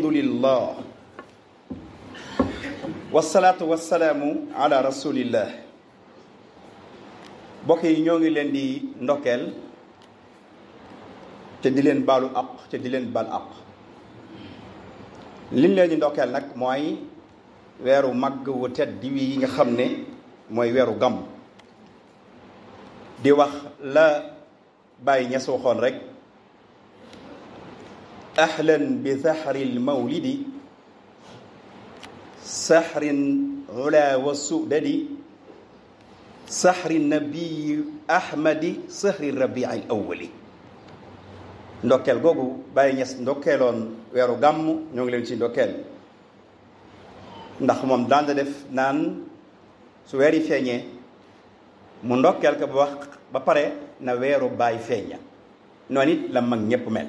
الحمد لله والصلاة والسلام على رسول الله بكي نيوغي لين دي نوكل تي دي لين بالو اق تي دي بال اق لين لين نوكل نك موي ويرو ماغ و تيت دي ويغا موي ويرو غام دي واخ لا باي نياسو خون رك أهلا بثحر المولد سحر غلا والسؤدد سحر النبي أحمد سحر الربيع الأول ndokel gogu baye ñes ndokelon wéru gam ñoo ngi leen ci ndokel ndax mom daan def naan su wéri feñé mu ndokel ka ba wax ba pare na wéru baay feñña nonit la mag ñépp mel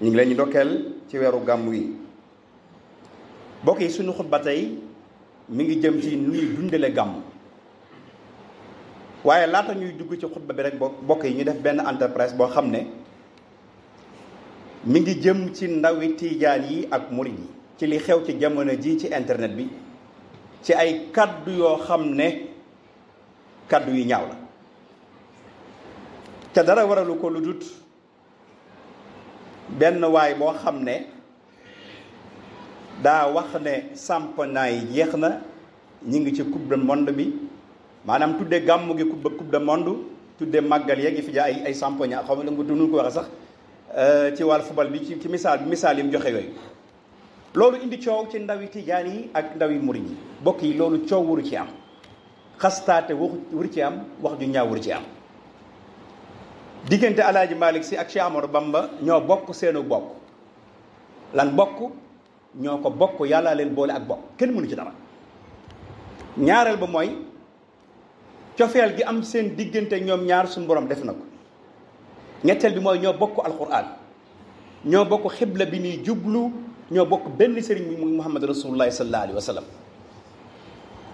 ñu ngi leen ñu ndokkeel ci weeru gàmm yi bokk yi suñu xutba tey mi ngi jëm ci nuy dundale gàmm waaye laata ñuy dugg ci xutba bi rek bokk yi ñu def benn entreprise boo xam ne mi ngi jëm ci ndawi tiijaan yi ak murid yi ci li xew ci jamono ji ci internet bi ci ay kaddu yoo xam ne kàddu yu ñaaw la te dara waralu ko lu benn waay boo xam ne daa wax ne naa yi jeex na ñu ngi ci coupe du monde bi maanaam tuddee gàmmu gi coupe coupe du monde tuddee màggal yee yi fi ja ay ay championnat xaw ma la nga ko waxee sax euh, ci wàllu football bi ci ci misaal bi misaal yi mu joxe yooyu. loolu indi coow ci ndaw ndawi tijaan yi ak ndawi murid yi bokk yi loolu coow waru ci am xastaate waxu waru ci am wax ju ñaaw waru ci am. diggante alaaji malik si ak Cheikh Amadou Bamba ñoo bokk seenu bokk lan bokk ñoo ko bokk yàlla leen boole ak bokk kenn mënu ci dara ñaareel ba mooy cofeel gi am seen diggante ñoom ñaar suñu borom def na ko ñetteel bi mooy ñoo bokk alquran ñoo bokk xibla bi ni jublu ñoo bokk benn sëriñ bi muy muhammad rasulullahi sallallahu alayhi wa sallam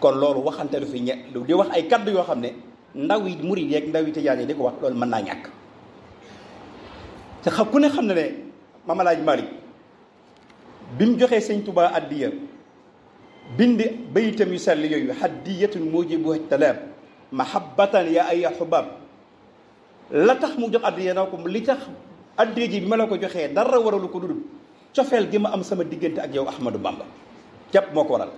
kon loolu waxante lu fi ñe di wax ay kaddu yoo xam ne ndaw yi murid yeeg ndaw yi tijaan yi di ko wax loolu mën naa ñàkk te xam ku ne xam na ne Maam Alaaji Maalik bi mu joxee sëñ Tuubaa addiya bind bayitam yu sell yooyu haddiyatun mujibu talaab mahabbatan ya ay xubaab la tax mu jox addiya na ko li tax addiya ji bi ma la ko joxee dara waralu ko dudul cofeel gi ma am sama diggante ak yow Ahmadou Bamba jàpp moo ko waral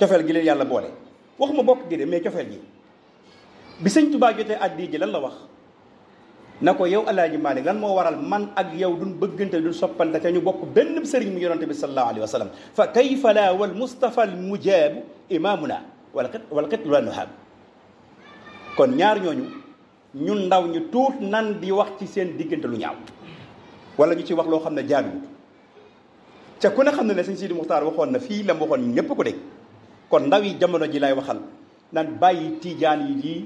cofeel gi leen yàlla boole waxuma bokk gi de mais cofeel gi bi sëñ Tuubaa jotee addi ji lan la wax nako yow alaaji malik lan mo waral man ak yow duñ beugante duñ soppante ca ñu bokk benn sëriñ mu yonante bi sallallahu alayhi wasallam fa kayfa la wal mustafa al mujab imamuna wal xit wal xit la nuhaab kon ñaar ñooñu ñun ndaw ñu tout nan di wax ci seen digënté lu ñaaw wala ñu ci wax lo xamne ne jaaduwut ca ku ne xamne ne seigne sëñ Sidi Muxtaar waxoon na fi la waxon ñëpp ko dégg kon ndaw yi jamono ji lay waxal nan bàyyi tidiane yi lii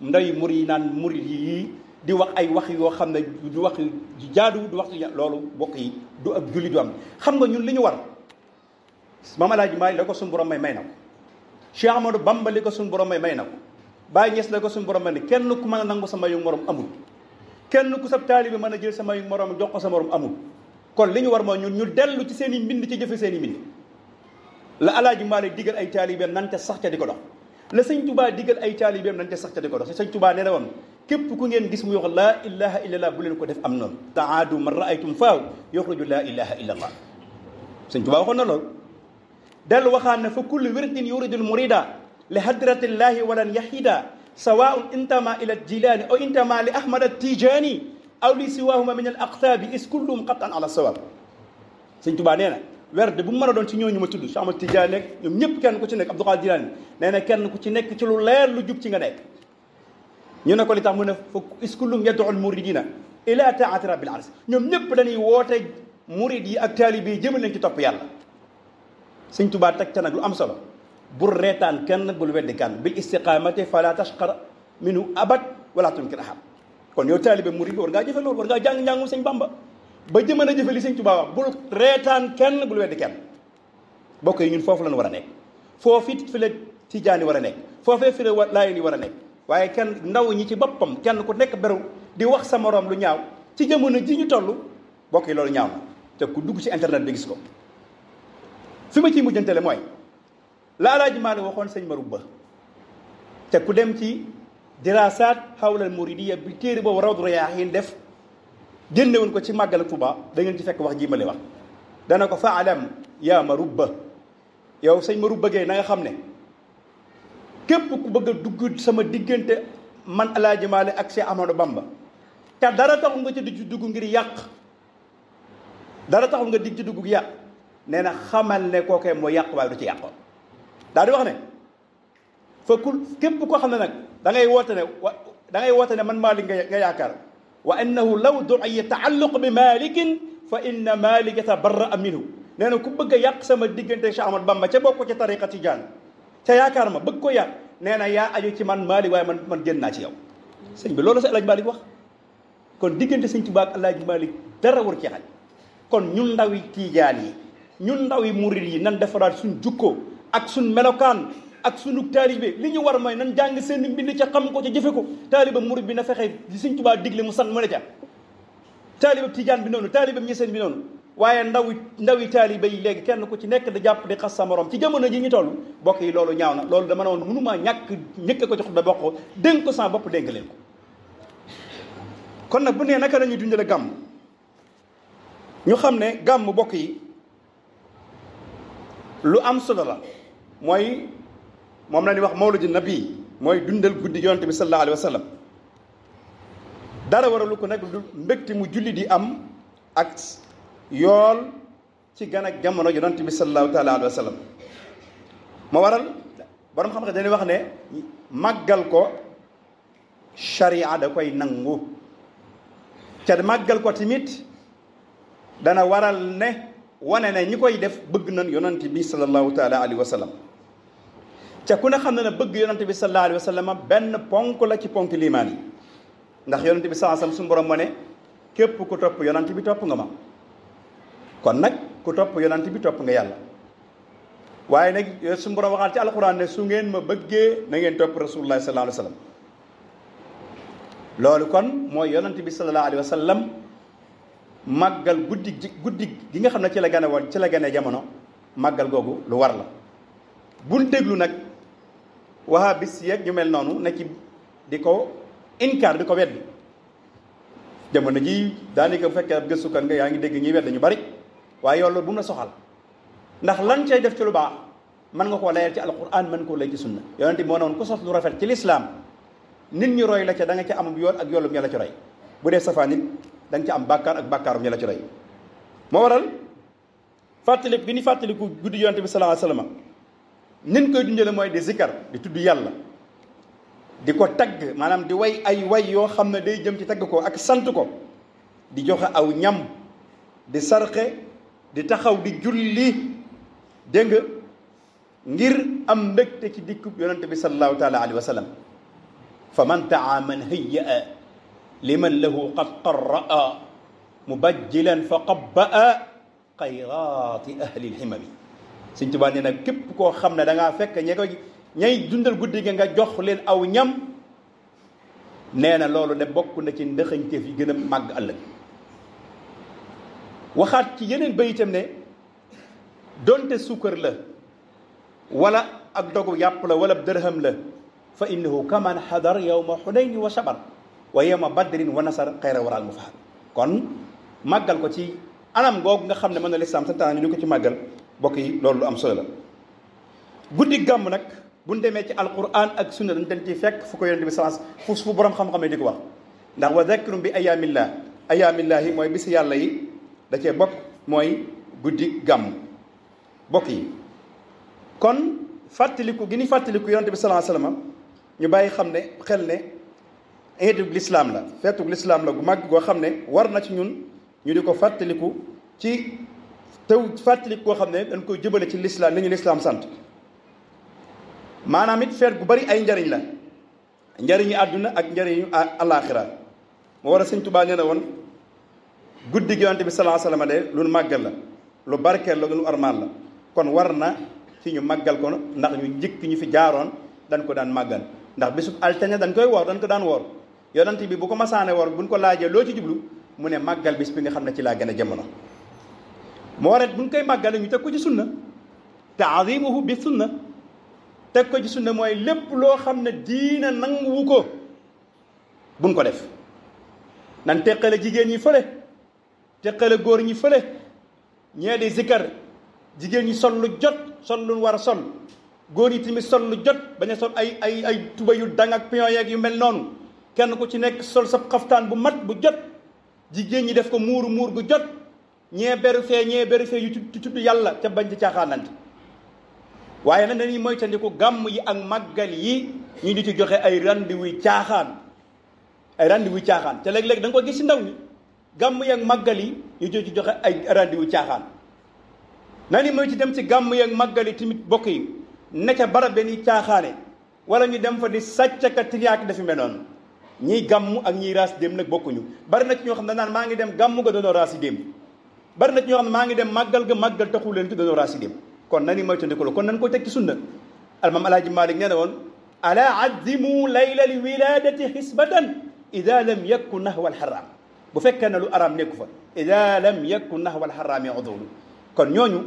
nday mur yi naan murid yi yii di wax ay wax yoo xam ne du wax ju jaadu du wax loolu bokk yi du ab julli du am xam nga ñun li ñu war maam alaaji maay la ko suñu borom may may na ko Cheikh Amadou Bamba li ko suñu borom may may na ko Baye Niass la ko suñu borom may ne kenn ku mën a nangu sama yu morom amul kenn ku sab taalibi mën a jël samay morom jox ko sa morom amul kon li ñu war moo ñun ñu dellu ci seen i mbind ci jëfe seen i mbind la alaaji maay digal ay taalibe nante sax ca di ko dox la seigne touba digal ay talibem nañ te sax te diko dox seigne touba neena won kep ku ngeen gis mu yox la ilaha illallah bu len ko def am noonu taadu man raaytum fa yukhruju la ilaha illallah seigne touba waxon na lol dal waxana fa kullu wirdin yuridul murida li hadratillahi walan yahida sawaun intama ila jilaani aw intama li ahmad atijani aw li siwahuma min al aqtaabi is kullum qatan ala sawab sëñ tubaa nee werde bu mëna doon ci ñooñu ma tudd Cheikh Amadou Tidiane nek ñom ñëpp kenn ku ci nek Abdou Qadir Jilani nee kenn ku ci nek ci lu leer lu jup ci nga nek ñu ne ko li tax mu ne iskulu iskullum yad'ul muridina ila taati rabbil arsh ñom ñëpp dañuy wote murid yi ak talib yi jëm nañ ci top yàlla Seigne Touba teg ca nak lu am solo bu retan kenn bul wedd kan bil istiqamati fala tashqar minu abad wala tunkir ahad kon yow taalibe murid war nga jëfe lool war nga jàng njàngum Seigne Bamba ba jëmën a jëfe li sëñ Tuubaa wax bul reetaan kenn bul weddi kenn bokk yi ñun foofu lañu war a nekk foofu it fi la tijaan yi war a nekk foofee fi la laayeen yi war a nekk waaye kenn ndaw ñi ci bappam kenn ku nekk beru di wax sa moroom lu ñaaw ci jamono ji ñu toll bokk yi loolu ñaaw na te ku dugg ci internet bi gis ko fi ma ciy mujjantele mooy la Alaaji Maalik waxoon sëñ Maru Ba te ku dem ci diraasaat xawla yi di bi téere boobu Rawdu Rayaahiin def génnewuñ ko ci màggal Tuuba da ci fekk wax ji ma lay dana ko fa alam yaa ma yow sëñ ma rubba na nga xam ne képp ku bëgg a dugg sama diggante man Alaaji Maalik ak Cheikh Ahmadou Bamba te dara taxul nga ci di dugg ngir yàq dara taxul nga dig ci dugg yàq nee na xamal ne kookee moo yàq waaye du ci yàqoon daal di wax ne fa kul képp koo xam ne nag da ngay woote ne wa da ngay woote ne man Maalik nga nga yaakaar وأنه لو دعي تعلق بمالك فإن مالك تبرأ منه لأنه كبك يقسم الدقن تشاء عمر بما تبقى طريقة جان تيا كارما بكو يا نانا يا أجي من مالك ويا من, من جنة جيو سنجب لولا سألك مالك وقت كون دقن تسنج باك الله مالك در ورك يحل كون نندوي تيجاني نندوي موريلي نندفرار سنجوكو أك سن ملوكان ak sunu taalibe li ñu war mooy nan jàng seen mbind ca xam ko ca jëfe ko taaliba murid bi na fexe li Sëñ Tuubaa digle mu san mu ne ca taaliba tijaan bi noonu taaliba seen bi noonu waaye ndaw ndawi taaliba yi léegi kenn ku ci nekk da jàpp di xas sa moroom ci jamono ji ñu toll bokk yi loolu ñaaw na loolu dama ne woon mënumaa ñàkk ñëkk ko ci xutba bokk ko ko sa bopp dénk ko kon nag bu nee naka la ñuy dundale gàmm ñu xam ne gàmm bokk yi lu am solo la mom la ñuy wax mawlidi nabi moy dundal guddi yonte bi sallallahu alayhi wasallam dara waralu ko nag mbekti mu julli di am ak yol ci gan ak jamono yonte bi sallallahu taala alayhi wasallam mo waral borom xam nga dañ wax ne magal ko sharia da koy nangu ca magal ko timit dana waral ne wane ne ñi koy def bëgg nañ yonante bi sallallahu taala alayhi wasallam te ku ne xam ne ne bëgg yonante bi sallallahu alayhi wa sallam benn ponk la ci ponk liimaan yi ndax yonante bi sallallahu alayhi wa sallam ne képp ku topp yonante bi topp nga ma kon nag ku topp yonante bi topp nga yàlla waaye nag suñu borom waxaat ci alxuraan ne su ngeen ma bëggee na ngeen topp rasulullah sallallahu alayhi loolu kon mooy yonante bi sallallahu alayhi wa sallam màggal guddi gi nga xam ne ci la gane woon ci la gane jamono màggal googu lu war la buñ déglu nag wahabis yek ñu mel nonu ne ci di ko incar di ko jamono ji dani bu fekke ab kan nga yaa ngi dégg wedd ñu bari way yow loolu bu na soxal ndax lan cey def ci lu baax man nga ko layal ci alquran man ko lay ci sunna yonenti mo non ko sof lu rafet ci l'islam nit ñi roy la ci da nga ci am yool ak yoolum ña la ci roy bu dee safa nit da nga ci am bakkar ak ci roy mo waral fatali bi ni ku guddi yonenti bi alayhi wasallam nin koy dundale moy di zikkar di tuddu yàlla di ko tag manam di way ay way yo xamne day jëm ci tag ko ak sant ko di joxe aw ñam di sarxe di taxaw di julli dégg nga ngir am mbekté ci dikku yonente bi sallallahu taala alayhi wa sallam fa taa man hayya liman lahu qad qarra'a mubajjilan faqabba qayrat xayraati ahli lhimami sëñ Tuubaa nee na képp koo xam ne da ngaa fekk ña ñay dundal guddi gi nga jox leen aw ñam nee na loolu de bokk na ci ndëxañteef yi gën a màgg ëllëg waxaat ci yeneen itam ne donte suukar la wala ak dogu yàpp la wala dërham la fa innahu kaman hadar yawma hunayn wa sabar wa yawma badrin wa nasar xayra waral mu kon màggal ko ci anam googu nga xam ne mën na lislaam santaane ñu ko ci màggal bokk yi loolu lu am solo la guddi gàmm nag buñ demee ci alquran ak sunna dañ dañ ci fekk fu ko yonente bi salance fu fu borom xam-xam di ko wax ndax wa dakkirum bi ayaamillah ayaamillah yi mooy bis yàlla yi da cee bokk mooy guddi gàmm bokk yi kon fàttaliku gi ni fàttaliku yonente bi salaa sallam ñu bàyyi xam ne xel ne iidub lislaam la fetu l'islam la gu mag goo xam ne war na ci ñun ñu di ko fàttaliku ci te fàttali koo xam ne dañ koy jëbale ci lislaam li ñu lislaam sant maanaam it feet gu bari ay njariñ la njariñu àdduna ak njariñu alaaxira moo war a sëñ Tuubaa nee na woon guddi gi yonent bi salaa sallam de lu nu màggal la lu barkeel la lu armaal la kon war na ci ñu màggal ko ndax ñu njëkk ñu fi jaaroon dañ ko daan màggal ndax bisub altine dañ koy woor dañ ko daan woor yonent bi bu ko masaane woor buñ ko laajee loo ci jublu mu ne màggal bis bi nga xam ne ci laa jamono moo waral bu ñu koy màggale ñu teg ko ci sunna taazimuhu bi sunna teg ko ci sunna mooy lépp loo xam ne diina nanguwu ko buñ ko def nan teqale jigéen ñi fële teqale góor ñi fële ñee di zikkar jigéen ñi sol lu jot sol lu war a sol góor ñi tamit sol lu jot bañ a sol ay ay ay tuba yu dang ak pion yeeg yu mel noonu kenn ku ci nekk sol sa xaftaan bu mat bu jot jigéen ñi def ko muuru muur gu jot ñee beru fee ñee beru fee yu tudd yàlla te bañ ci caaxaanante waaye nag ni moytandiku gàmm yi ak màggal yi ñu di ci joxe ay rendez caaxaan ay rendez-vous caaxaan te léeg-léeg da ko gis si ndaw ñi gàmm yi ak màggal yi ñu ci joxe ay rendez-vous caaxaan nani moy ci dem ci gàmm yi màggal yi tamit bokk yi ne ca barab caaxaane wala ñu dem fa di sàcc ak noonu ñiy gàmm ak ñiy raas dem nag bokkuñu bari na ci ñoo xam ne naan maa ngi dem gàmm ga doonoo dem bari na ñoo xam ne maa ngi dem màggal ga màggal taxu leen ci dañoo raasi dem kon nani moytandiku la kon nan ko teg ci sunna almam alaaji malik nee na woon ala azimu layla li wiladati xisbatan ida lam yakku nahwa alxaram bu fekkee na lu aram nekku fa ida lam yakku nahwa alxaraami udulu kon ñooñu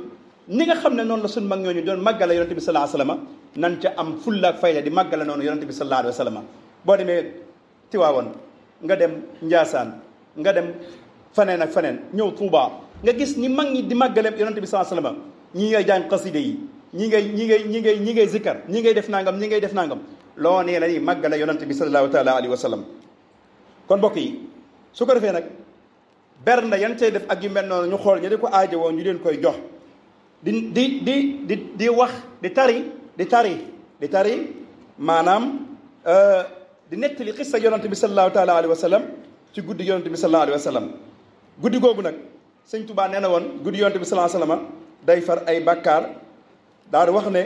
ni nga xam ne noonu la sun mag ñooñu doon màggala yonente bi salaa sallama nan ca am fulla ak fayda di màggala noonu yonente bi salaa alayhi wa sallama boo demee tiwaawoon nga dem njaasaan nga dem faneen ak faneen ñëw tuubaa nga gis ni mag ñi di màggaleem yonante bi sallallahu alayhi wasallam ñii ngay jàng xaside yi ñi ngay ñi ngay ñi ngay ñi ngay zikkar ñi ngay def nangam ñi ngay def nangam loo nee la ni màggale yonante bi sallallahu taala alayhi wasallam kon mbokk yi su ko defee nag bernda yan cay def ak yu mel noonu ñu xool ñu di ko aajowoo ñu leen koy jox di di di di di wax di tari di tari di tari maanaam euh, di nettali xissa yonante bi sallallahu taala alayhi wasallam ci guddi yonante bi sallallahu alayhi wasallam guddi googu nag sëñ Touba nee na woon guddi yonte bi salaa salama day far ay bàkkaar daal wax ne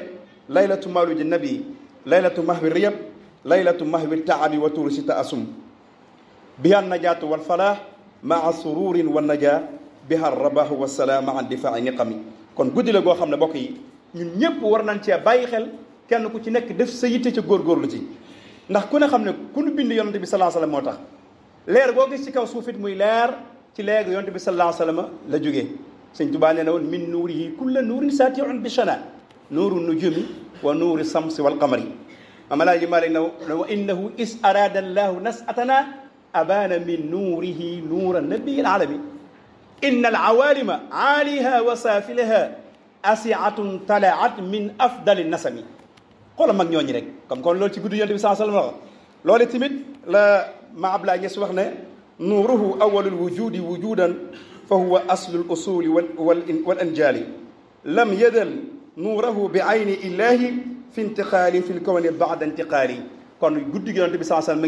laylatu mawlidi nabi laylatu mahwi riyab laylatu mahwi taabi wa tuuri si taasum biha najaatu wal falah maa sururin wa naja biha rabahu wa salaam an difaa niqami kon guddi la goo xam ne bokk yi ñun ñëpp war nañ cee bàyyi xel kenn ku ci nekk def sa yitte ca góorgóorlu ci ndax ku ne xam ne ku nu bind yonante bi salaa sallam moo tax leer boo gis ci kaw suufit muy leer ci leegi yonte bi sallallahu alayhi wa sallam la jógee sëñ tubaa nee na woon min nuur yi kulla nuurin saatiun bi shana nuuru nujumi wa nuuri samsi wal qamari amala ji malik na wa innahu is arada allahu nasatana abana min nuurihi nuura nabiyi alami إن العوالم عاليها وسافلها أسعة طلعت من أفضل النسم قول ماك نيوني رك كم كون لول تي غودو يونتي صلى الله عليه وسلم لول تيميت لا ما عبد الله نيس واخنا نوره أول الوجود وجودا فهو أصل الأصول والأنجال لم يدل نوره بعين الله في انتقال في الكون بعد انتقالي كون جود يونت بي صلى الله عليه وسلم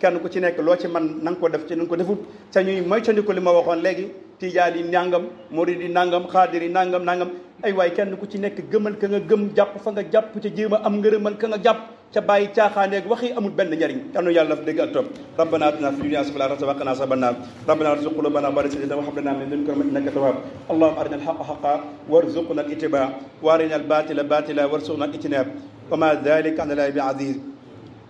كان كو تي نيك لو تي مان نانكو داف تي نانكو دافوت تا نيي ماي تي نيكو لي ما واخون لغي تيجالي نانغام موريدي نانغام خادري نانغام نانغام اي واي كان كو تي نيك گمل كاغا گم جاب فاغا جاب تي جيما ام گرمل كاغا جاب ca bàyyi caaxaaneeg waxi amul benn njariñ yal na yàlla daf dégg ak topp rabbana atina fi dunya hasanatan wa qina azaban nar rabbana warzuq qulubana barata wa hab lana min ladunka rahmatan innaka tawwab allahumma arina al-haqqa haqqan warzuqna al-ittiba' wa arina al-batila batila warzuqna al-ijtinab wa ma dhalika 'ala allahi bi'aziz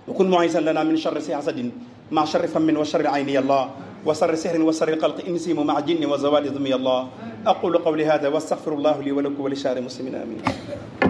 وكن معيسا لنا من شر حسد مع شر فم وشر عين يا الله وشر سحر وشر القلق انسيم مع جن وزوال ضمي الله اقول قولي هذا واستغفر الله لي ولكم ولشعر المسلمين امين